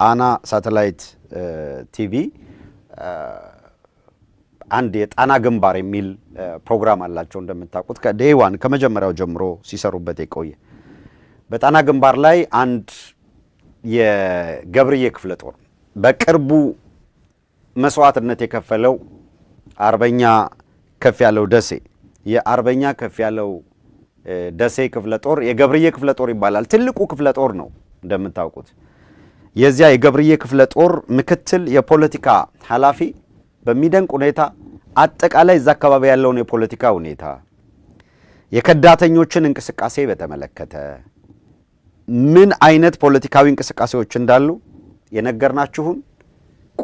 ጣና ሳተላይት ቲቪ አንድ የጣና ግንባር የሚል ፕሮግራም አላቸው። እንደምታውቁት ከዴዋን ከመጀመሪያው ጀምሮ ሲሰሩበት የቆየ በጣና ግንባር ላይ አንድ የገብርዬ ክፍለ ጦር በቅርቡ መስዋዕትነት የከፈለው አርበኛ ከፍ ያለው ደሴ የአርበኛ ከፍ ያለው ደሴ ክፍለ ጦር የገብርዬ ክፍለ ጦር ይባላል። ትልቁ ክፍለ ጦር ነው እንደምታውቁት። የዚያ የገብርዬ ክፍለ ጦር ምክትል የፖለቲካ ኃላፊ በሚደንቅ ሁኔታ አጠቃላይ እዛ አካባቢ ያለውን የፖለቲካ ሁኔታ የከዳተኞችን እንቅስቃሴ በተመለከተ ምን አይነት ፖለቲካዊ እንቅስቃሴዎች እንዳሉ የነገርናችሁን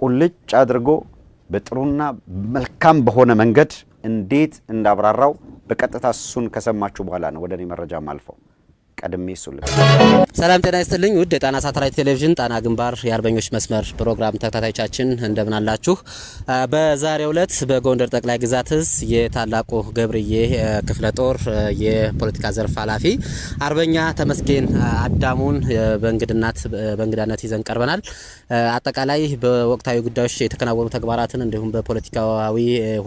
ቁልጭ አድርጎ በጥሩና መልካም በሆነ መንገድ እንዴት እንዳብራራው በቀጥታ እሱን ከሰማችሁ በኋላ ነው ወደ እኔ መረጃ ማልፈው። ቀድሜ እሱ ልክ። ሰላም ጤና ይስጥልኝ ውድ የጣና ሳተላይት ቴሌቪዥን ጣና ግንባር የአርበኞች መስመር ፕሮግራም ተከታታዮቻችን እንደምን አላችሁ? በዛሬው ዕለት በጎንደር ጠቅላይ ግዛት እዝ የታላቁ ገብርዬ ክፍለ ጦር የፖለቲካ ዘርፍ ኃላፊ አርበኛ ተመስገን አዳሙን በእንግድናት በእንግዳነት ይዘን ቀርበናል። አጠቃላይ በወቅታዊ ጉዳዮች የተከናወኑ ተግባራትን እንዲሁም በፖለቲካዊ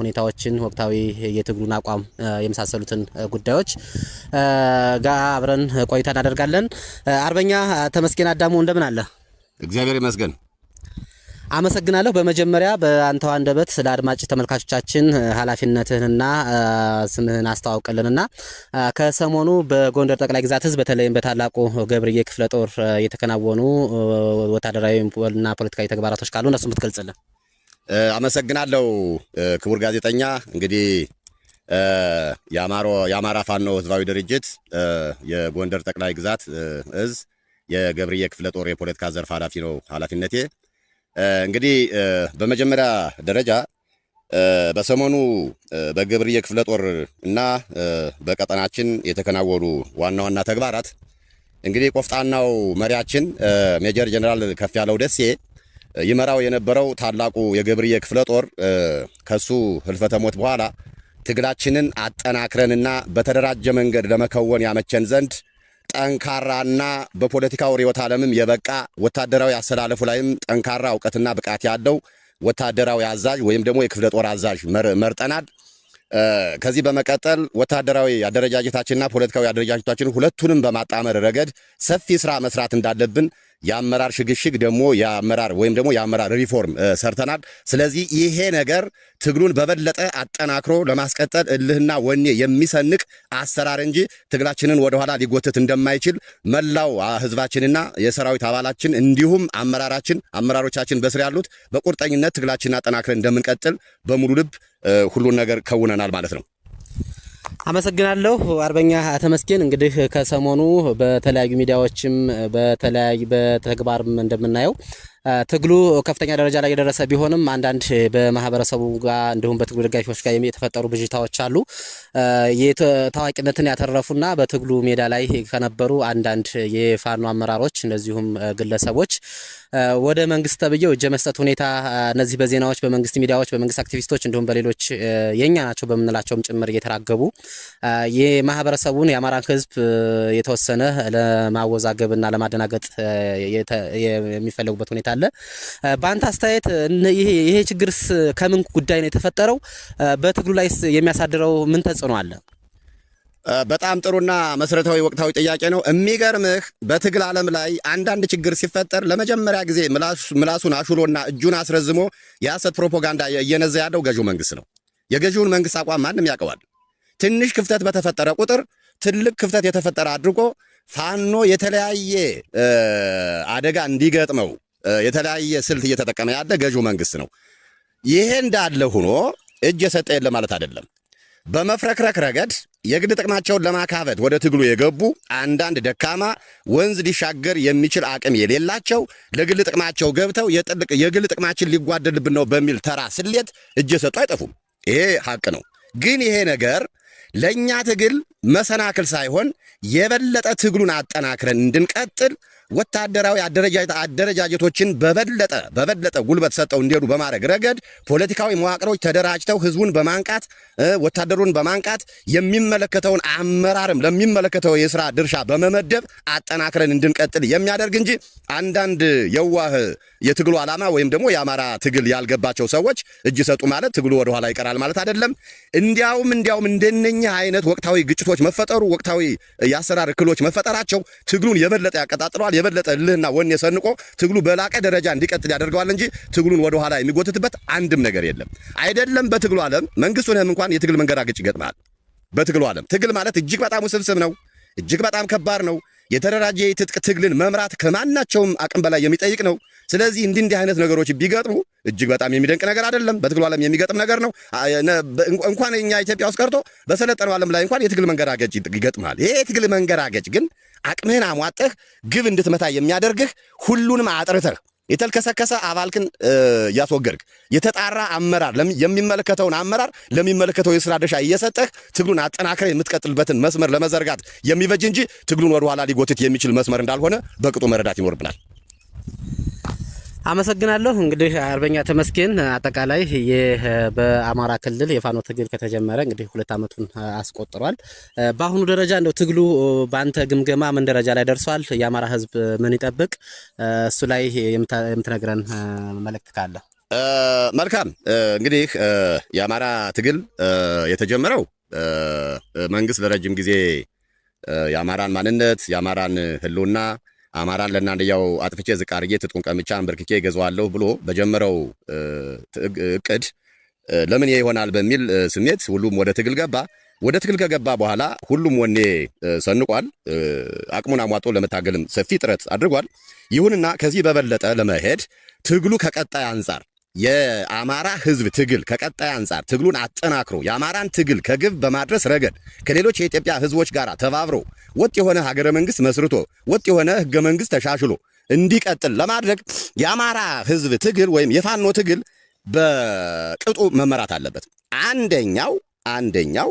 ሁኔታዎችን ወቅታዊ የትግሉን አቋም የመሳሰሉትን ጉዳዮች ጋር አብረን ቆይታ እናደርጋለን። አርበኛ ተመስገን አዳሙ እንደምን አለ? እግዚአብሔር ይመስገን። አመሰግናለሁ። በመጀመሪያ በአንተው አንደበት ለአድማጭ ተመልካቾቻችን ኃላፊነትህንና ስምህን አስተዋውቅልንና ከሰሞኑ በጎንደር ጠቅላይ ግዛት ህዝብ በተለይም በታላቁ ገብርዬ ክፍለ ጦር የተከናወኑ ወታደራዊና ፖለቲካዊ ተግባራቶች ካሉ እነሱ ምትገልጽልን። አመሰግናለሁ ክቡር ጋዜጠኛ። እንግዲህ የአማራ ፋኖ ህዝባዊ ድርጅት የጎንደር ጠቅላይ ግዛት እዝ የገብርዬ ክፍለ ጦር የፖለቲካ ዘርፍ ኃላፊ ነው ኃላፊነቴ። እንግዲህ በመጀመሪያ ደረጃ በሰሞኑ በገብርዬ ክፍለ ጦር እና በቀጠናችን የተከናወኑ ዋና ዋና ተግባራት እንግዲህ ቆፍጣናው መሪያችን ሜጀር ጀነራል ያለው ደሴ ይመራው የነበረው ታላቁ የገብርዬ ክፍለ ጦር ከሱ ህልፈተ ሞት በኋላ ትግላችንን አጠናክረንና በተደራጀ መንገድ ለመከወን ያመቸን ዘንድ ጠንካራና በፖለቲካው ርዕዮተ ዓለምም የበቃ ወታደራዊ አሰላለፉ ላይም ጠንካራ እውቀትና ብቃት ያለው ወታደራዊ አዛዥ ወይም ደግሞ የክፍለ ጦር አዛዥ መርጠናል። ከዚህ በመቀጠል ወታደራዊ አደረጃጀታችንና ፖለቲካዊ አደረጃጀታችን ሁለቱንም በማጣመር ረገድ ሰፊ ስራ መስራት እንዳለብን የአመራር ሽግሽግ ደግሞ የአመራር ወይም ደግሞ የአመራር ሪፎርም ሰርተናል። ስለዚህ ይሄ ነገር ትግሉን በበለጠ አጠናክሮ ለማስቀጠል እልህና ወኔ የሚሰንቅ አሰራር እንጂ ትግላችንን ወደኋላ ሊጎትት እንደማይችል መላው ህዝባችንና የሰራዊት አባላችን እንዲሁም አመራራችን አመራሮቻችን በስር ያሉት በቁርጠኝነት ትግላችንን አጠናክረን እንደምንቀጥል በሙሉ ልብ ሁሉን ነገር ከውነናል ማለት ነው። አመሰግናለሁ አርበኛ ተመስገን። እንግዲህ ከሰሞኑ በተለያዩ ሚዲያዎችም በተለያዩ በተግባርም እንደምናየው ትግሉ ከፍተኛ ደረጃ ላይ የደረሰ ቢሆንም አንዳንድ በማህበረሰቡ ጋር እንዲሁም በትግሉ ደጋፊዎች ጋር የተፈጠሩ ብዥታዎች አሉ። ታዋቂነትን ያተረፉና በትግሉ ሜዳ ላይ ከነበሩ አንዳንድ የፋኖ አመራሮች እንደዚሁም ግለሰቦች ወደ መንግስት ተብዬው እጀ መስጠት ሁኔታ እነዚህ በዜናዎች በመንግስት ሚዲያዎች በመንግስት አክቲቪስቶች እንዲሁም በሌሎች የኛ ናቸው በምንላቸውም ጭምር እየተራገቡ የማህበረሰቡን የአማራን ህዝብ የተወሰነ ለማወዛገብና ለማደናገጥ የሚፈለጉበት ሁኔታ አለ። በአንተ አስተያየት ይሄ ችግርስ ከምን ጉዳይ ነው የተፈጠረው? በትግሉ ላይስ የሚያሳድረው ምን ተጽዕኖ አለ? በጣም ጥሩና መሰረታዊ ወቅታዊ ጥያቄ ነው። የሚገርምህ በትግል ዓለም ላይ አንዳንድ ችግር ሲፈጠር ለመጀመሪያ ጊዜ ምላሱን አሹሎና እጁን አስረዝሞ የሐሰት ፕሮፓጋንዳ እየነዛ ያለው ገዢው መንግስት ነው። የገዢውን መንግስት አቋም ማንም ያውቀዋል። ትንሽ ክፍተት በተፈጠረ ቁጥር ትልቅ ክፍተት የተፈጠረ አድርጎ ፋኖ የተለያየ አደጋ እንዲገጥመው የተለያየ ስልት እየተጠቀመ ያለ ገዢው መንግስት ነው። ይሄ እንዳለ ሆኖ እጅ የሰጠ የለ ማለት አይደለም። በመፍረክረክ ረገድ የግል ጥቅማቸውን ለማካበት ወደ ትግሉ የገቡ አንዳንድ ደካማ ወንዝ ሊሻገር የሚችል አቅም የሌላቸው ለግል ጥቅማቸው ገብተው የግል ጥቅማችን ሊጓደልብን ነው በሚል ተራ ስሌት እጅ የሰጡ አይጠፉም። ይሄ ሀቅ ነው። ግን ይሄ ነገር ለእኛ ትግል መሰናክል ሳይሆን የበለጠ ትግሉን አጠናክረን እንድንቀጥል ወታደራዊ አደረጃጀቶችን በበለጠ በበለጠ ጉልበት ሰጠው እንዲሄዱ በማድረግ ረገድ ፖለቲካዊ መዋቅሮች ተደራጅተው ህዝቡን በማንቃት ወታደሩን በማንቃት የሚመለከተውን አመራርም ለሚመለከተው የስራ ድርሻ በመመደብ አጠናክረን እንድንቀጥል የሚያደርግ እንጂ አንዳንድ የዋህ የትግሉ ዓላማ ወይም ደግሞ የአማራ ትግል ያልገባቸው ሰዎች እጅ ሰጡ ማለት ትግሉ ወደኋላ ይቀራል ማለት አይደለም። እንዲያውም እንዲያውም እንደነኛ አይነት ወቅታዊ ግጭቶች መፈጠሩ፣ ወቅታዊ የአሰራር እክሎች መፈጠራቸው ትግሉን የበለጠ ያቀጣጥለዋል የበለጠ ልህና ወኔ ሰንቆ ትግሉ በላቀ ደረጃ እንዲቀጥል ያደርገዋል እንጂ ትግሉን ወደ ኋላ የሚጎትትበት አንድም ነገር የለም። አይደለም በትግሉ ዓለም መንግስት ሆነህም እንኳን የትግል መንገራገጭ ይገጥማል። በትግሉ ዓለም ትግል ማለት እጅግ በጣም ውስብስብ ነው። እጅግ በጣም ከባድ ነው። የተደራጀ የትጥቅ ትግልን መምራት ከማናቸውም አቅም በላይ የሚጠይቅ ነው። ስለዚህ እንዲህ እንዲህ አይነት ነገሮች ቢገጥሙ እጅግ በጣም የሚደንቅ ነገር አይደለም። በትግሉ ዓለም የሚገጥም ነገር ነው። እንኳን እኛ ኢትዮጵያ ውስጥ ቀርቶ በሰለጠነው ዓለም ላይ እንኳን የትግል መንገራገጭ ይገጥማል። ይሄ የትግል መንገራገጭ ግን አቅምህን አሟጠህ ግብ እንድትመታ የሚያደርግህ ሁሉንም አጥርተህ የተልከሰከሰ አባልክን ያስወገድክ የተጣራ አመራር የሚመለከተውን አመራር ለሚመለከተው የስራ ድርሻ እየሰጠህ ትግሉን አጠናክረህ የምትቀጥልበትን መስመር ለመዘርጋት የሚበጅ እንጂ ትግሉን ወደኋላ ሊጎትት የሚችል መስመር እንዳልሆነ በቅጡ መረዳት ይኖርብናል። አመሰግናለሁ። እንግዲህ አርበኛ ተመስገን አጠቃላይ በአማራ ክልል የፋኖ ትግል ከተጀመረ እንግዲህ ሁለት ዓመቱን አስቆጥሯል። በአሁኑ ደረጃ እንደው ትግሉ በአንተ ግምገማ ምን ደረጃ ላይ ደርሷል? የአማራ ህዝብ ምን ይጠብቅ? እሱ ላይ የምትነግረን መልእክት ካለ። መልካም እንግዲህ የአማራ ትግል የተጀመረው መንግስት ለረጅም ጊዜ የአማራን ማንነት የአማራን ህልውና አማራን ለእናንድያው አጥፍቼ ዝቅ አድርጌ ትጥቁን ቀምቻ አንበርክኬ እገዛዋለሁ ብሎ በጀመረው እቅድ ለምን ይሆናል በሚል ስሜት ሁሉም ወደ ትግል ገባ። ወደ ትግል ከገባ በኋላ ሁሉም ወኔ ሰንቋል። አቅሙን አሟጦ ለመታገልም ሰፊ ጥረት አድርጓል። ይሁንና ከዚህ በበለጠ ለመሄድ ትግሉ ከቀጣይ አንጻር የአማራ ህዝብ ትግል ከቀጣይ አንጻር ትግሉን አጠናክሮ የአማራን ትግል ከግብ በማድረስ ረገድ ከሌሎች የኢትዮጵያ ህዝቦች ጋር ተባብሮ ወጥ የሆነ ሀገረ መንግስት መስርቶ ወጥ የሆነ ህገ መንግስት ተሻሽሎ እንዲቀጥል ለማድረግ የአማራ ህዝብ ትግል ወይም የፋኖ ትግል በቅጡ መመራት አለበት። አንደኛው አንደኛው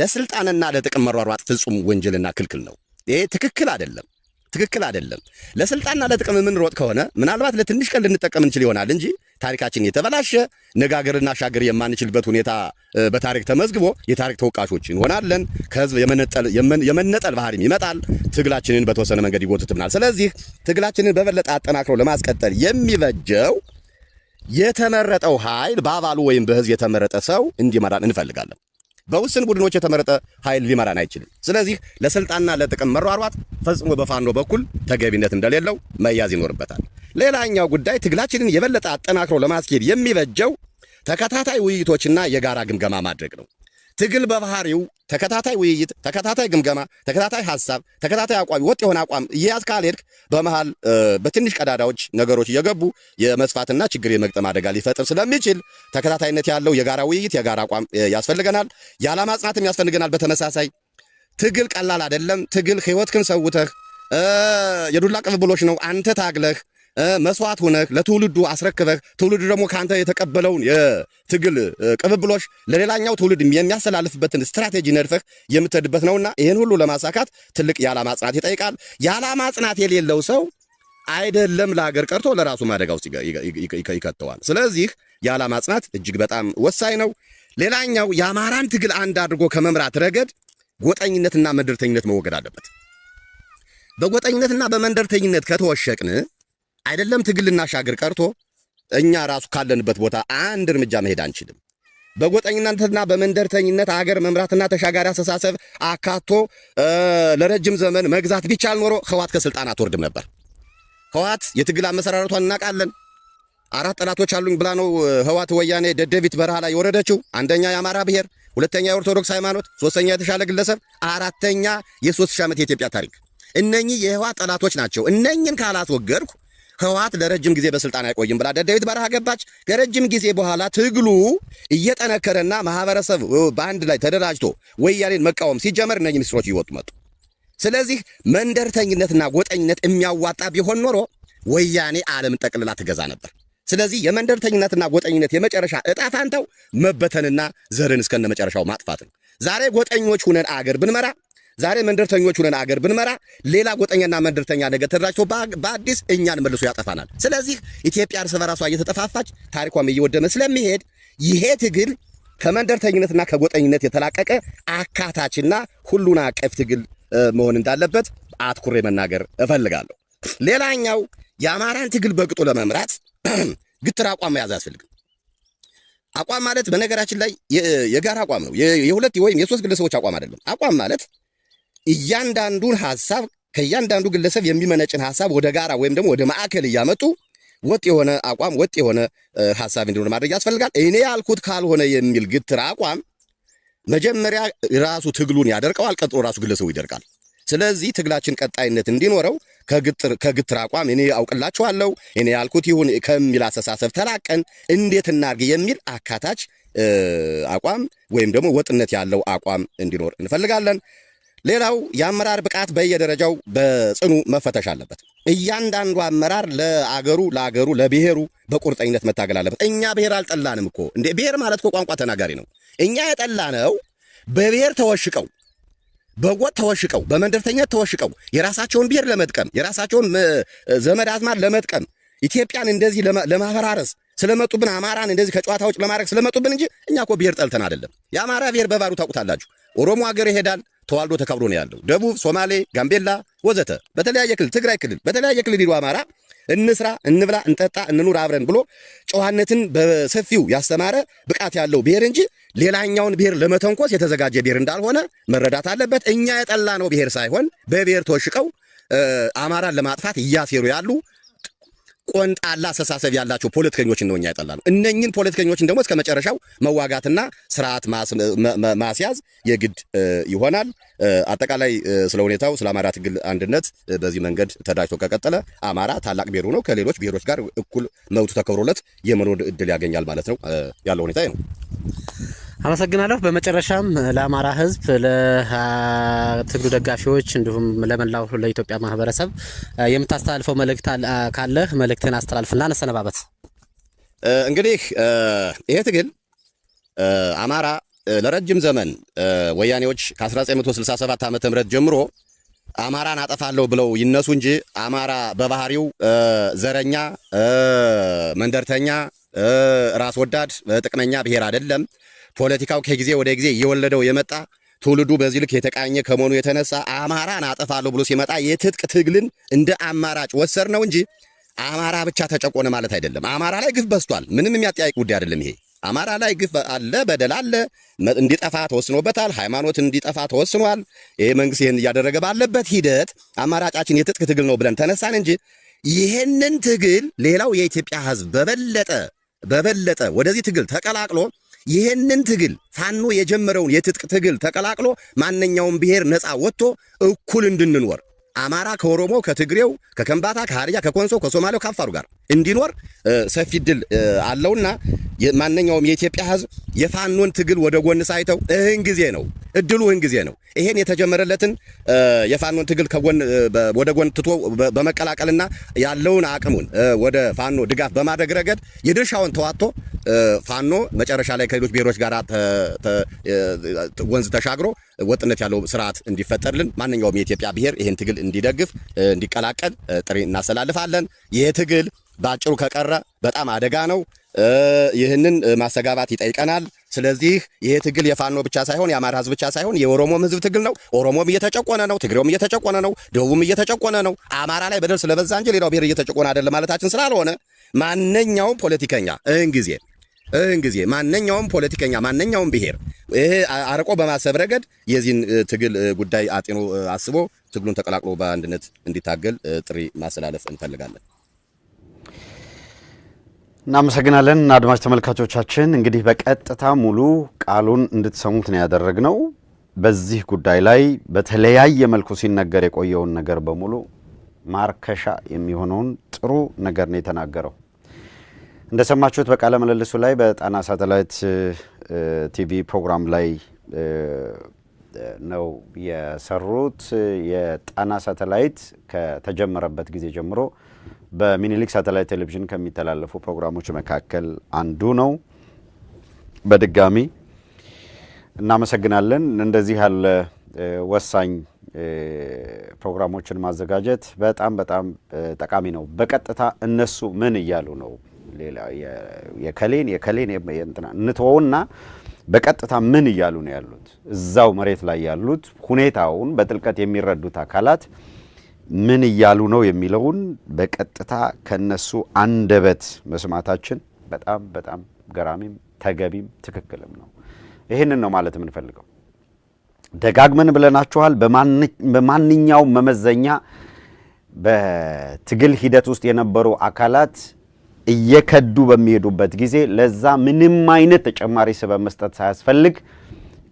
ለስልጣንና ለጥቅም መሯሯጥ ፍጹም ወንጀልና ክልክል ነው። ይሄ ትክክል አይደለም፣ ትክክል አይደለም። ለስልጣንና ለጥቅም የምንሮጥ ከሆነ ምናልባት ለትንሽ ቀን ልንጠቀም እንችል ይሆናል እንጂ ታሪካችን የተበላሸ ነጋገርና ሻገር የማንችልበት ሁኔታ በታሪክ ተመዝግቦ የታሪክ ተወቃሾች እንሆናለን። ከህዝብ የመነጠል ባህሪም ይመጣል። ትግላችንን በተወሰነ መንገድ ይጎትትብናል። ስለዚህ ትግላችንን በበለጠ አጠናክሮ ለማስቀጠል የሚበጀው የተመረጠው ኃይል በአባሉ ወይም በህዝብ የተመረጠ ሰው እንዲመራን እንፈልጋለን። በውስን ቡድኖች የተመረጠ ኃይል ሊመራን አይችልም። ስለዚህ ለስልጣንና ለጥቅም መሯሯጥ ፈጽሞ በፋኖ በኩል ተገቢነት እንደሌለው መያዝ ይኖርበታል። ሌላኛው ጉዳይ ትግላችንን የበለጠ አጠናክሮ ለማስኬድ የሚበጀው ተከታታይ ውይይቶችና የጋራ ግምገማ ማድረግ ነው። ትግል በባህሪው ተከታታይ ውይይት፣ ተከታታይ ግምገማ፣ ተከታታይ ሀሳብ፣ ተከታታይ አቋም፣ ወጥ የሆነ አቋም እያያዝ ካልሄድክ በመሃል በትንሽ ቀዳዳዎች ነገሮች እየገቡ የመስፋትና ችግር የመግጠም አደጋ ሊፈጥር ስለሚችል ተከታታይነት ያለው የጋራ ውይይት፣ የጋራ አቋም ያስፈልገናል። የዓላማ ጽናትም ያስፈልገናል። በተመሳሳይ ትግል ቀላል አይደለም። ትግል ህይወትክን ሰውተህ የዱላ ቅብብሎች ነው። አንተ ታግለህ መስዋዕት ሆነህ ለትውልዱ አስረክበህ ትውልዱ ደግሞ ከአንተ የተቀበለውን የትግል ቅብብሎች ለሌላኛው ትውልድ የሚያስተላልፍበትን ስትራቴጂ ነድፈህ የምትሄድበት ነውና ይህን ሁሉ ለማሳካት ትልቅ የዓላማ ጽናት ይጠይቃል። የዓላማ ጽናት የሌለው ሰው አይደለም ለሀገር ቀርቶ ለራሱ ማደጋ ውስጥ ይከተዋል። ስለዚህ የዓላማ ጽናት እጅግ በጣም ወሳኝ ነው። ሌላኛው የአማራን ትግል አንድ አድርጎ ከመምራት ረገድ ጎጠኝነትና መንደርተኝነት መወገድ አለበት። በጎጠኝነትና በመንደርተኝነት ከተወሸቅን አይደለም ትግል ሻግር ቀርቶ እኛ ራሱ ካለንበት ቦታ አንድ እርምጃ መሄድ አንችልም። በጎጠኝነትና በመንደርተኝነት አገር መምራትና ተሻጋሪ አስተሳሰብ አካቶ ለረጅም ዘመን መግዛት ቢቻል ኖሮ ህዋት ከስልጣን አትወርድም ነበር። ህዋት የትግል አመሰራረቷን እናውቃለን። አራት ጠላቶች አሉኝ ብላ ነው ህዋት ወያኔ ደደቢት በረሃ ላይ የወረደችው። አንደኛ የአማራ ብሔር፣ ሁለተኛ የኦርቶዶክስ ሃይማኖት፣ ሶስተኛ የተሻለ ግለሰብ፣ አራተኛ የሶስት ሺህ ዓመት የኢትዮጵያ ታሪክ። እነኚህ የህዋት ጠላቶች ናቸው። እነኝን ካላስወገድኩ ህወሓት ለረጅም ጊዜ በስልጣን አይቆይም ብላ ደደቢት በረሃ ገባች። ከረጅም ጊዜ በኋላ ትግሉ እየጠነከረና ማህበረሰብ በአንድ ላይ ተደራጅቶ ወያኔን መቃወም ሲጀመር እነ ሚኒስትሮች እየወጡ መጡ። ስለዚህ መንደርተኝነትና ጎጠኝነት የሚያዋጣ ቢሆን ኖሮ ወያኔ ዓለም ጠቅልላ ትገዛ ነበር። ስለዚህ የመንደርተኝነትና ጎጠኝነት የመጨረሻ እጣ መበተንና ዘርን እስከነ መጨረሻው ማጥፋት ነው። ዛሬ ጎጠኞች ሁነን አገር ብንመራ ዛሬ መንደርተኞች ሁነን አገር ብንመራ ሌላ ጎጠኛና መንደርተኛ ነገ ተደራጅቶ በአዲስ እኛን መልሶ ያጠፋናል። ስለዚህ ኢትዮጵያ እርስ በራሷ እየተጠፋፋች ታሪኳም እየወደመ ስለሚሄድ ይሄ ትግል ከመንደርተኝነትና ከጎጠኝነት የተላቀቀ አካታችና ሁሉን አቀፍ ትግል መሆን እንዳለበት አትኩሬ መናገር እፈልጋለሁ። ሌላኛው የአማራን ትግል በቅጡ ለመምራት ግትር አቋም መያዝ አያስፈልግም። አቋም ማለት በነገራችን ላይ የጋራ አቋም ነው። የሁለት ወይም የሶስት ግለሰቦች አቋም አይደለም። አቋም ማለት እያንዳንዱን ሀሳብ ከእያንዳንዱ ግለሰብ የሚመነጭን ሀሳብ ወደ ጋራ ወይም ደግሞ ወደ ማዕከል እያመጡ ወጥ የሆነ አቋም ወጥ የሆነ ሀሳብ እንዲሆን ማድረግ ያስፈልጋል። እኔ ያልኩት ካልሆነ የሚል ግትር አቋም መጀመሪያ ራሱ ትግሉን ያደርቀዋል፣ ቀጥሎ ራሱ ግለሰቡ ይደርቃል። ስለዚህ ትግላችን ቀጣይነት እንዲኖረው ከግትር አቋም እኔ አውቅላችኋለሁ እኔ ያልኩት ይሁን ከሚል አስተሳሰብ ተላቀን እንዴት እናርግ የሚል አካታች አቋም ወይም ደግሞ ወጥነት ያለው አቋም እንዲኖር እንፈልጋለን። ሌላው የአመራር ብቃት በየደረጃው በጽኑ መፈተሽ አለበት። እያንዳንዱ አመራር ለአገሩ ለአገሩ ለብሔሩ በቁርጠኝነት መታገል አለበት። እኛ ብሔር አልጠላንም እኮ እንዴ! ብሔር ማለት እኮ ቋንቋ ተናጋሪ ነው። እኛ የጠላነው በብሔር ተወሽቀው በጎጥ ተወሽቀው በመንደርተኛት ተወሽቀው የራሳቸውን ብሔር ለመጥቀም የራሳቸውን ዘመድ አዝማድ ለመጥቀም ኢትዮጵያን እንደዚህ ለማፈራረስ ስለመጡብን አማራን እንደዚህ ከጨዋታ ውጭ ለማድረግ ስለመጡብን እንጂ እኛ እኮ ብሔር ጠልተን አይደለም። የአማራ ብሔር በባሩ ታውቁታላችሁ። ኦሮሞ ሀገር ይሄዳል፣ ተዋልዶ ተከብሮ ነው ያለው። ደቡብ፣ ሶማሌ፣ ጋምቤላ ወዘተ በተለያየ ክልል ትግራይ ክልል በተለያየ ክልል ይሉ አማራ እንስራ፣ እንብላ፣ እንጠጣ፣ እንኑር አብረን ብሎ ጨዋነትን በሰፊው ያስተማረ ብቃት ያለው ብሔር እንጂ ሌላኛውን ብሔር ለመተንኮስ የተዘጋጀ ብሔር እንዳልሆነ መረዳት አለበት። እኛ የጠላ ነው ብሔር ሳይሆን በብሔር ተወሽቀው አማራን ለማጥፋት እያሴሩ ያሉ ቆንጣላ አስተሳሰብ ያላቸው ፖለቲከኞችን ነው እኛ ያጠላነው። እነኝን ፖለቲከኞችን ደግሞ እስከ መጨረሻው መዋጋትና ስርዓት ማስያዝ የግድ ይሆናል። አጠቃላይ ስለ ሁኔታው ስለ አማራ ትግል አንድነት በዚህ መንገድ ተዳጅቶ ከቀጠለ አማራ ታላቅ ብሔር ነው ከሌሎች ብሔሮች ጋር እኩል መብቱ ተከብሮለት የመኖር እድል ያገኛል ማለት ነው። ያለው ሁኔታ ነው። አመሰግናለሁ። በመጨረሻም ለአማራ ህዝብ ለትግሉ ደጋፊዎች እንዲሁም ለመላው ለኢትዮጵያ ማህበረሰብ የምታስተላልፈው መልእክት ካለህ መልእክትን አስተላልፍና እንሰነባበት። እንግዲህ ይሄ ትግል አማራ ለረጅም ዘመን ወያኔዎች ከ1967 ዓ ም ጀምሮ አማራን አጠፋለሁ ብለው ይነሱ እንጂ አማራ በባህሪው ዘረኛ፣ መንደርተኛ፣ ራስ ወዳድ፣ ጥቅመኛ ብሔር አይደለም። ፖለቲካው ከጊዜ ወደ ጊዜ እየወለደው የመጣ ትውልዱ በዚህ ልክ የተቃኘ ከመሆኑ የተነሳ አማራን አጠፋለሁ ብሎ ሲመጣ የትጥቅ ትግልን እንደ አማራጭ ወሰር ነው እንጂ አማራ ብቻ ተጨቆነ ማለት አይደለም። አማራ ላይ ግፍ በዝቷል። ምንም የሚያጠያይቅ ጉዳይ አይደለም። ይሄ አማራ ላይ ግፍ አለ፣ በደል አለ። እንዲጠፋ ተወስኖበታል። ሃይማኖት እንዲጠፋ ተወስኗል። ይሄ መንግስት ይህን እያደረገ ባለበት ሂደት አማራጫችን የትጥቅ ትግል ነው ብለን ተነሳን እንጂ ይህንን ትግል ሌላው የኢትዮጵያ ህዝብ በበለጠ በበለጠ ወደዚህ ትግል ተቀላቅሎ ይህንን ትግል ፋኖ የጀመረውን የትጥቅ ትግል ተቀላቅሎ ማንኛውም ብሔር ነፃ ወጥቶ እኩል እንድንኖር አማራ ከኦሮሞ ከትግሬው ከከምባታ ከሀዲያ ከኮንሶ ከሶማሌው ከአፋሩ ጋር እንዲኖር ሰፊ እድል አለውና ማንኛውም የኢትዮጵያ ህዝብ የፋኖን ትግል ወደ ጎን ሳይተው እህን ጊዜ ነው እድሉ እህን ጊዜ ነው። ይሄን የተጀመረለትን የፋኖን ትግል ወደ ጎን ትቶ በመቀላቀልና ያለውን አቅሙን ወደ ፋኖ ድጋፍ በማድረግ ረገድ የድርሻውን ተዋጥቶ ፋኖ መጨረሻ ላይ ከሌሎች ብሔሮች ጋር ወንዝ ተሻግሮ ወጥነት ያለው ስርዓት እንዲፈጠርልን ማንኛውም የኢትዮጵያ ብሔር ይህን ትግል እንዲደግፍ እንዲቀላቀል ጥሪ እናስተላልፋለን። ይህ ትግል በአጭሩ ከቀረ በጣም አደጋ ነው። ይህንን ማስተጋባት ይጠይቀናል። ስለዚህ ይህ ትግል የፋኖ ብቻ ሳይሆን የአማራ ህዝብ ብቻ ሳይሆን የኦሮሞም ህዝብ ትግል ነው። ኦሮሞም እየተጨቆነ ነው፣ ትግሬውም እየተጨቆነ ነው፣ ደቡብም እየተጨቆነ ነው። አማራ ላይ በደል ስለበዛ እንጂ ሌላው ብሔር እየተጨቆነ አይደለም ማለታችን ስላልሆነ ማንኛውም ፖለቲከኛ ይህን ጊዜ እን ጊዜ ማንኛውም ፖለቲከኛ ማንኛውም ብሔር ይሄ አርቆ በማሰብ ረገድ የዚህን ትግል ጉዳይ አጤኖ አስቦ ትግሉን ተቀላቅሎ በአንድነት እንዲታገል ጥሪ ማስተላለፍ እንፈልጋለን። እናመሰግናለን። አድማጭ ተመልካቾቻችን እንግዲህ በቀጥታ ሙሉ ቃሉን እንድትሰሙት ነው ያደረግነው። በዚህ ጉዳይ ላይ በተለያየ መልኩ ሲነገር የቆየውን ነገር በሙሉ ማርከሻ የሚሆነውን ጥሩ ነገር ነው የተናገረው። እንደሰማችሁት በቃለ ምልልሱ ላይ በጣና ሳተላይት ቲቪ ፕሮግራም ላይ ነው የሰሩት። የጣና ሳተላይት ከተጀመረበት ጊዜ ጀምሮ በሚኒሊክ ሳተላይት ቴሌቪዥን ከሚተላለፉ ፕሮግራሞች መካከል አንዱ ነው። በድጋሚ እናመሰግናለን። እንደዚህ ያለ ወሳኝ ፕሮግራሞችን ማዘጋጀት በጣም በጣም ጠቃሚ ነው። በቀጥታ እነሱ ምን እያሉ ነው ሌላ የከሌን የከሌን እንትና እንትወውና በቀጥታ ምን እያሉ ነው ያሉት? እዛው መሬት ላይ ያሉት ሁኔታውን በጥልቀት የሚረዱት አካላት ምን እያሉ ነው የሚለውን በቀጥታ ከነሱ አንደበት መስማታችን በጣም በጣም ገራሚም ተገቢም ትክክልም ነው። ይህንን ነው ማለት የምንፈልገው። ደጋግመን ብለናችኋል። በማንኛውም መመዘኛ በትግል ሂደት ውስጥ የነበሩ አካላት እየከዱ በሚሄዱበት ጊዜ ለዛ ምንም አይነት ተጨማሪ ስበብ መስጠት ሳያስፈልግ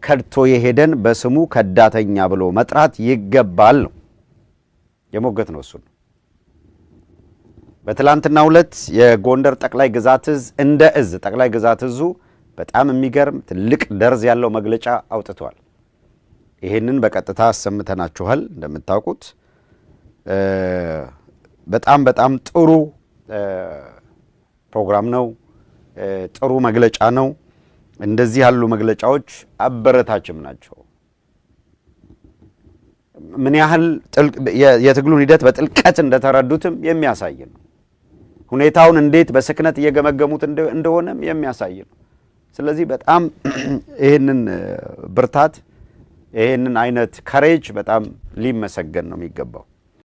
ከድቶ የሄደን በስሙ ከዳተኛ ብሎ መጥራት ይገባል ነው የሞገት ነው እሱን በትላንትና ሁለት የጎንደር ጠቅላይ ግዛት እዝ እንደ እዝ ጠቅላይ ግዛት እዙ በጣም የሚገርም ትልቅ ደርዝ ያለው መግለጫ አውጥቷል። ይህንን በቀጥታ አሰምተናችኋል። እንደምታውቁት በጣም በጣም ጥሩ ፕሮግራም ነው፣ ጥሩ መግለጫ ነው። እንደዚህ ያሉ መግለጫዎች አበረታችም ናቸው። ምን ያህል የትግሉን ሂደት በጥልቀት እንደተረዱትም የሚያሳይ ነው። ሁኔታውን እንዴት በስክነት እየገመገሙት እንደሆነም የሚያሳይ ነው። ስለዚህ በጣም ይህንን ብርታት ይህንን አይነት ከሬጅ በጣም ሊመሰገን ነው የሚገባው።